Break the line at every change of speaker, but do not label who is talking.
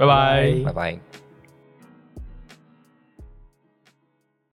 拜拜拜
拜。